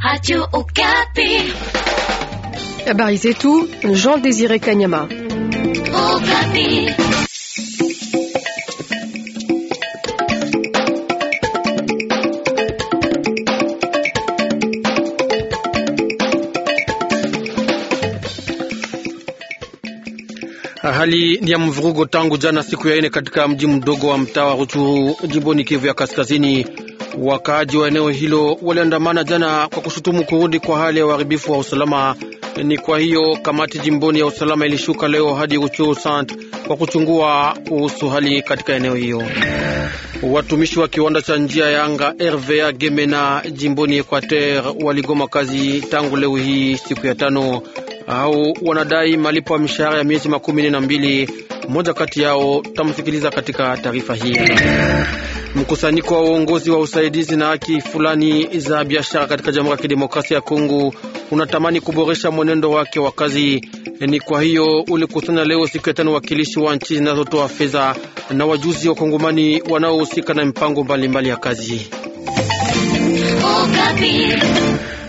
Radio Okapi. Habari eh zetu Jean Désiré Kanyama. Okapi. Hali ni ya mvurugo tangu jana siku ya ine katika mji mdogo wa mtaa wa Ruchuru jimboni Kivu ya Kaskazini. Wakaaji wa eneo hilo waliandamana jana kwa kushutumu kurudi kwa hali ya uharibifu wa usalama. Ni kwa hiyo kamati jimboni ya usalama ilishuka leo hadi Ruchuru Sant kwa kuchungua kuhusu hali katika eneo hiyo. Watumishi wa kiwanda cha njia ya anga RVA Gemena jimboni Equateur waligoma kazi tangu leo hii siku ya tano, au wanadai malipo ya mishahara ya miezi makumi nne na mbili. Mmoja kati yao tamsikiliza katika taarifa hii. Mkusanyiko wa uongozi wa usaidizi na haki fulani za biashara katika Jamhuri ya Kidemokrasia ya Kongo unatamani kuboresha mwenendo wake wa kazi. Ni kwa hiyo ulikusanya leo siku ya tano wakilishi wa nchi zinazotoa fedha na wajuzi wa Kongomani wanaohusika na mipango mbalimbali ya kazi.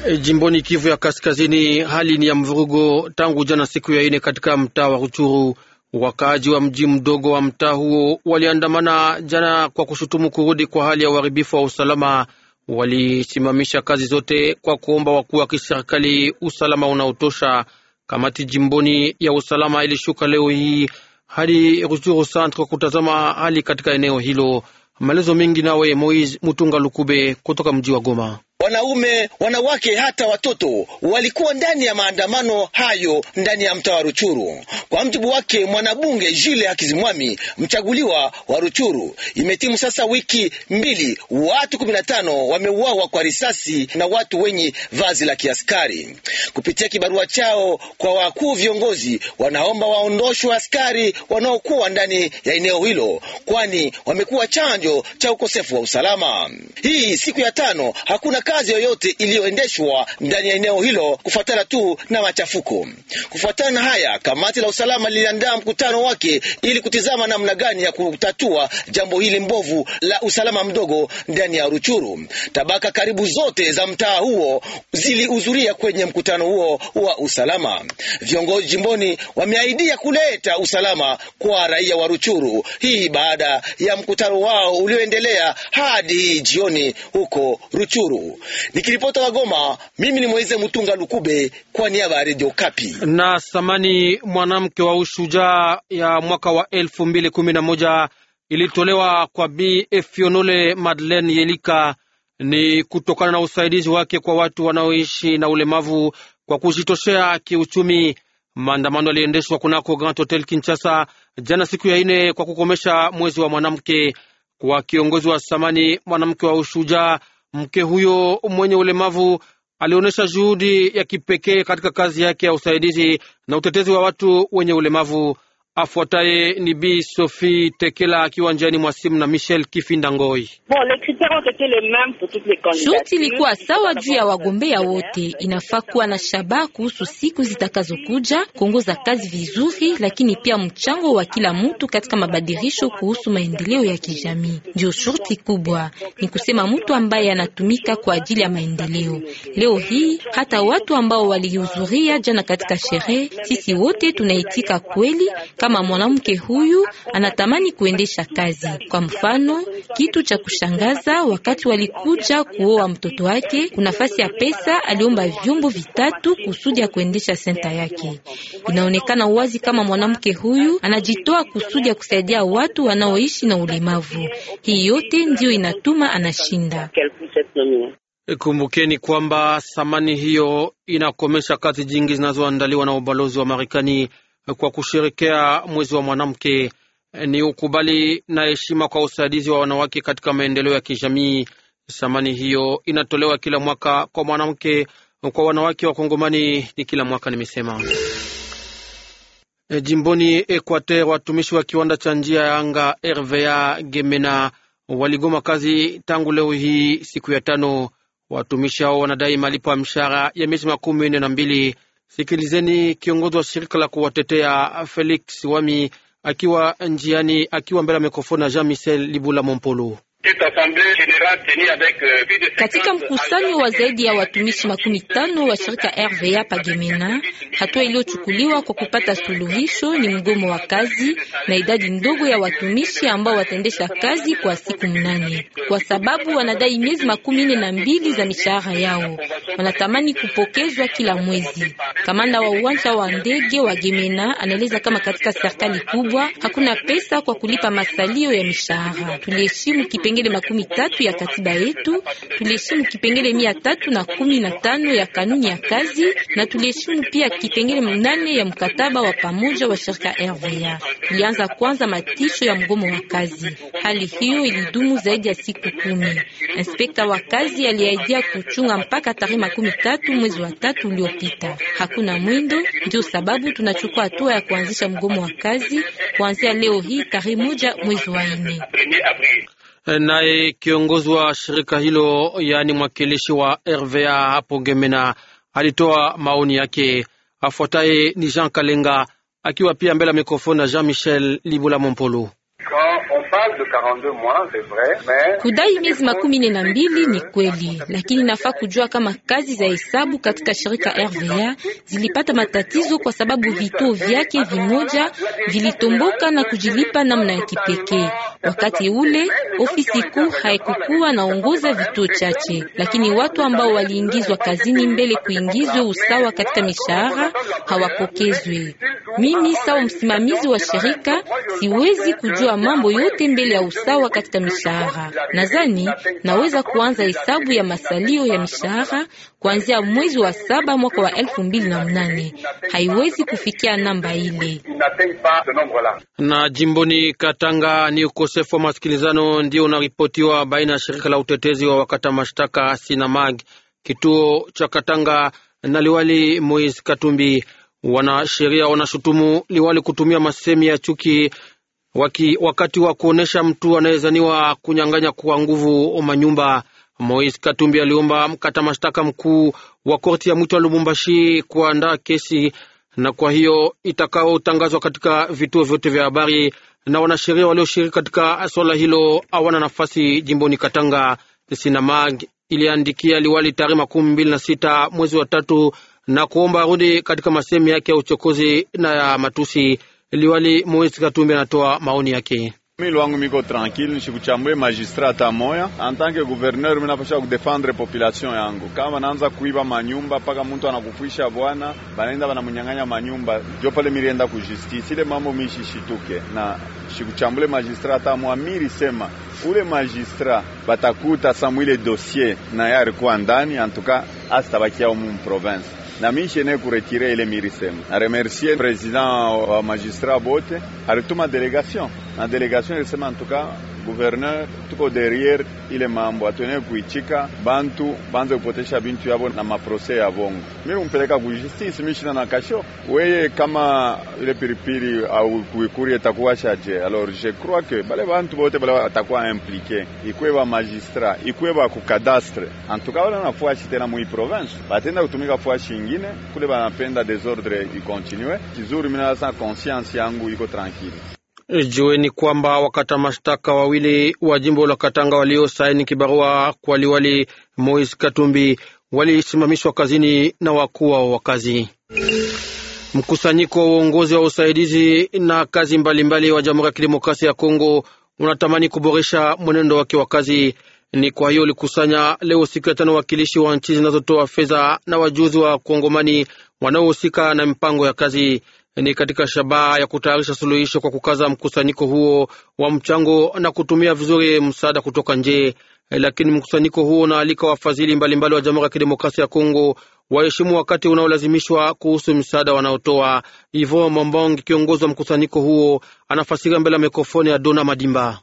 E, jimboni Kivu ya Kaskazini, hali ni ya mvurugo tangu jana siku ya ine katika mtaa wa Ruchuru. Wakaaji wa mji mdogo wa mtaa huo waliandamana jana kwa kushutumu kurudi kwa hali ya uharibifu wa usalama. Walisimamisha kazi zote kwa kuomba wakuu wa kiserikali usalama unaotosha. Kamati jimboni ya usalama ilishuka leo hii hadi Ruchuru Centre kwa kutazama hali katika eneo hilo. Maelezo mengi nawe Moise Mutunga Lukube kutoka mji wa Goma wanaume, wanawake, hata watoto walikuwa ndani ya maandamano hayo ndani ya mtaa wa Ruchuru. Kwa mjibu wake mwanabunge Jile Hakizimwami, mchaguliwa wa Ruchuru, imetimu sasa wiki mbili, watu kumi na tano wameuawa kwa risasi na watu wenye vazi la kiaskari. Kupitia kibarua chao kwa wakuu viongozi, wanaomba waondoshwe askari wanaokuwa ndani ya eneo hilo, kwani wamekuwa chanjo cha ukosefu wa usalama. Hii siku ya tano hakuna kazi yoyote iliyoendeshwa ndani ya eneo hilo kufuatana tu na machafuko. Kufuatana na haya, kamati la usalama liliandaa mkutano wake ili kutizama namna gani ya kutatua jambo hili mbovu la usalama mdogo ndani ya Ruchuru. Tabaka karibu zote za mtaa huo zilihudhuria kwenye mkutano huo wa usalama. Viongozi jimboni wameahidia kuleta usalama kwa raia wa Ruchuru, hii baada ya mkutano wao ulioendelea hadi jioni huko Ruchuru. Nikiripota Wagoma, mimi ni Mweze Mutunga Lukube kwa niaba ya Radio Kapi. Na samani mwanamke wa ushujaa ya mwaka wa elfu mbili kumi na moja ilitolewa kwa Bi Efionole Madeleine Yelika ni kutokana na usaidizi wake kwa watu wanaoishi na ulemavu kwa kujitoshea kiuchumi. Maandamano yaliendeshwa kunako Grand Hotel Kinshasa jana siku ya ine kwa kukomesha mwezi wa mwanamke. Kwa kiongozi wa samani mwanamke wa ushujaa Mke huyo mwenye ulemavu alionyesha juhudi ya kipekee katika kazi yake ya usaidizi na utetezi wa watu wenye ulemavu. Afuataye ni Bi Sofi Tekela akiwa njiani mwa simu na Michel Kifindangoi. Shuti ilikuwa sawa juu ya wagombea wote. Inafaa kuwa na shabaha kuhusu siku zitakazokuja, kuongoza kazi vizuri, lakini pia mchango wa kila mtu katika mabadirisho kuhusu maendeleo ya kijamii. Ndio shuti kubwa, ni kusema mtu ambaye anatumika kwa ajili ya maendeleo. Leo hii hata watu ambao walihudhuria jana katika sherehe, sisi wote tunaitika kweli kama mwanamke huyu anatamani kuendesha kazi. Kwa mfano, kitu cha kushangaza, wakati walikuja kuoa mtoto wake, kuna nafasi ya pesa aliomba vyombo vitatu kusudi ya kuendesha senta yake. Inaonekana wazi kama mwanamke huyu anajitoa kusudi ya kusaidia watu wanaoishi na ulemavu. Hii yote ndiyo inatuma anashinda. Kumbukeni kwamba thamani hiyo inakomesha kazi jingi zinazoandaliwa na ubalozi wa Marekani kwa kusherekea mwezi wa mwanamke ni ukubali na heshima kwa usaidizi wa wanawake katika maendeleo ya kijamii. Thamani hiyo inatolewa kila mwaka kwa mwanamke kwa wanawake wa Kongomani ni kila mwaka nimesema. E, jimboni Equateur watumishi wa kiwanda cha njia ya anga RVA Gemena waligoma kazi tangu leo hii siku ya tano. Watumishi hao wanadai malipo ya mshahara ya miezi makumi nne na mbili Sikilizeni kiongozi wa shirika la kuwatetea Felix Wami akiwa njiani, akiwa mbele ya mikrofoni ya Jean Michel Libula Mompolo. Euh, katika mkusanyo wa zaidi ya watumishi makumi tano wa shirika RVA Pagemena, hatua iliyochukuliwa kwa kupata suluhisho ni mgomo wa kazi na idadi ndogo ya watumishi ambao wataendesha kazi kwa siku mnane, kwa sababu wanadai miezi makumi nne na mbili za mishahara yao, wanatamani kupokezwa kila mwezi. Kamanda wa uwanja wa ndege wa Gemena anaeleza kama katika serikali kubwa hakuna pesa kwa kulipa masalio ya mishahara. Tuliheshimu kipe kipengele makumi tatu ya katiba yetu, tuliheshimu kipengele mia tatu na kumi na tano ya kanuni ya kazi na tuliheshimu pia kipengele mnane ya mkataba wa pamoja wa shirika RVA. Tulianza kwanza matisho ya mgomo wa kazi. Hali hiyo ilidumu zaidi ya siku kumi. Inspekta wa kazi aliaidia kuchunga mpaka tarehe makumi tatu mwezi wa tatu uliopita. Hakuna mwindo, ndio sababu tunachukua hatua ya kuanzisha mgomo wa kazi kuanzia leo hii tarehe moja mwezi wa nne naye kiongozi wa shirika hilo, yaani mwakilishi wa RVA hapo Gemena, alitoa maoni yake. Afuataye ni Jean Kalenga akiwa pia mbele ya mikrofoni na Jean Michel Libula Mompolo kudai miezi makumi na mbili ni kweli, lakini nafaa kujua kama kazi za hesabu katika shirika RVA zilipata matatizo kwa sababu vituo vyake vimoja vilitomboka na kujilipa namna ya kipekee. Wakati ule ofisi kuu haikukuwa naongoza vituo chache, lakini watu ambao waliingizwa kazini mbele kuingizwe usawa katika mishahara hawapokezwe. Mimi sawa msimamizi wa shirika siwezi kujua mambo yote yote mbele ya usawa katika mishahara. Nadhani naweza kuanza hesabu ya masalio ya mishahara kuanzia mwezi wa saba mwaka wa elfu mbili na mnane. Haiwezi kufikia namba ile. Na jimboni Katanga ni ukosefu wa masikilizano ndio unaripotiwa baina ya shirika la utetezi wa wakata mashtaka Sinamag, kituo cha Katanga na liwali Moise Katumbi. Wanasheria wanashutumu liwali kutumia masemi ya chuki waki, wakati wa kuonyesha mtu anayezaniwa kunyang'anya kwa nguvu manyumba. Moise Katumbi aliomba mkata mashtaka mkuu wa korti ya mwito wa Lubumbashi kuandaa kesi na kwa hiyo itakaotangazwa katika vituo vyote vya habari, na wanasheria walioshiriki katika swala hilo hawana nafasi jimboni Katanga. Sinamag iliandikia liwali tarehe makumi mbili na sita mwezi wa tatu na kuomba arudi katika masemi yake ya uchokozi na ya matusi. Liwali Moise Katumbi anatoa maoni yake. Mimi wangu miko tranquille, sikuchambwe magistrat moya. En tant que gouverneur, mimi napasha kudefendre population yangu. Kama naanza kuiba manyumba paka mtu anakufisha bwana, banaenda banamunyang'anya manyumba. Jo pale mirienda ku justice. Ile mambo mishishituke. Na sikuchambwe magistrat miri sema ule magistrat batakuta Samuel dossier na yari kwa ndani, en tout cas hasta mu province. na est ene kuretire ile mirisema. Remercier president wa magistrat bote, délégation, delegation na en tout cas... guverner tuko derriere ile mambo, hatuenee kuichika bantu banze kupotesha bintu yavo na maprose ya vongo. Mi umpeleka ku mishina mi na kasho weye kama ile piripiri au kuikuri etakuwa shaje. Alors je crois que bale bantu bote bale atakuwa implike ikwe ba magistrat, ikwe ba kukadastre, antuka wale nafuashi tena mui province batenda kutumika fuashi ingine kule, banapenda desordre ikontinue. Kizuri, mina sasa conscience yangu iko tranquille. Jueni kwamba wakata mashtaka wawili wa jimbo la Katanga waliosaini kibarua kwa liwali Moise Katumbi walisimamishwa kazini na wakuu wao wa kazi. Mkusanyiko wa uongozi wa usaidizi na kazi mbalimbali mbali wa Jamhuri ya Kidemokrasia ya Kongo unatamani kuboresha mwenendo wake wa kazi. Ni kwa hiyo ulikusanya leo siku ya tano wakilishi wa nchi zinazotoa fedha na wajuzi wa Kongomani wanaohusika na mipango ya kazi ni katika shabaha ya kutayarisha suluhisho kwa kukaza mkusanyiko huo wa mchango na kutumia vizuri msaada kutoka nje. Lakini mkusanyiko huo unaalika wafadhili mbalimbali wa Jamhuri ya Kidemokrasia ya Kongo waheshimu wakati unaolazimishwa kuhusu msaada wanaotoa. Ivo Mombong, kiongozi wa mkusanyiko huo, anafasiria mbele ya mikrofoni ya Dona Madimba.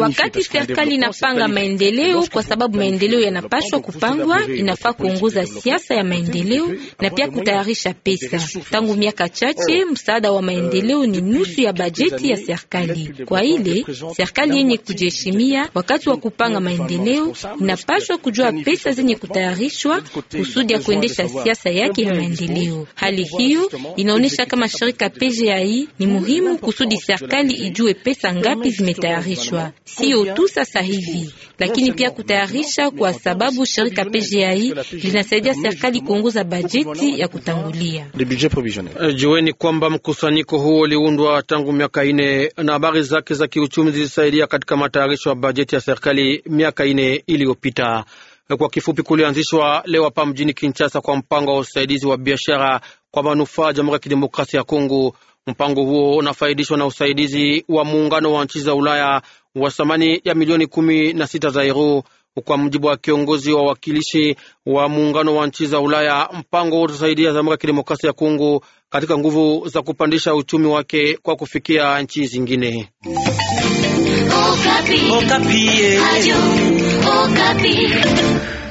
Wakati serikali inapanga maendeleo, kwa sababu maendeleo yanapaswa kupangwa, inafaa kuongoza siasa ya maendeleo na pia kutayarisha pesa. Tangu miaka chache, msaada wa maendeleo euh, ni nusu ya bajeti ya serikali. Kwa ile serikali yenye kujiheshimia, wakati wa kupanga maendeleo, inapaswa kujua pesa zenye kutayarishwa kusudi ya kuendesha siasa yake ya maendeleo. Hali hiyo inaonyesha kama shirika PGI ni muhimu kusudi serikali ijue pesa ngapi zimetayarishwa, sio tu sasa hivi, lakini pia kutayarisha, kwa sababu shirika PGI linasaidia serikali kuongoza bajeti ya kutangulia. Eh, jueni kwamba mkusanyiko huo uliundwa tangu miaka ine na habari zake za kiuchumi zilisaidia katika matayarisho ya bajeti ya serikali miaka ine iliyopita. Eh, kwa kifupi, kulianzishwa leo hapa mjini Kinshasa kwa mpango wa usaidizi wa biashara kwa manufaa ya Jamhuri ya Kidemokrasia ya Kongo. Mpango huo unafaidishwa na usaidizi wa muungano wa nchi za Ulaya wa thamani ya milioni kumi na sita za euro, kwa mujibu wa kiongozi wa wakilishi wa muungano wa nchi za Ulaya. Mpango huo utasaidia Jamhuri ya Kidemokrasia ya Kongo katika nguvu za kupandisha uchumi wake kwa kufikia nchi zingine. Okapi. Okapi. Eh.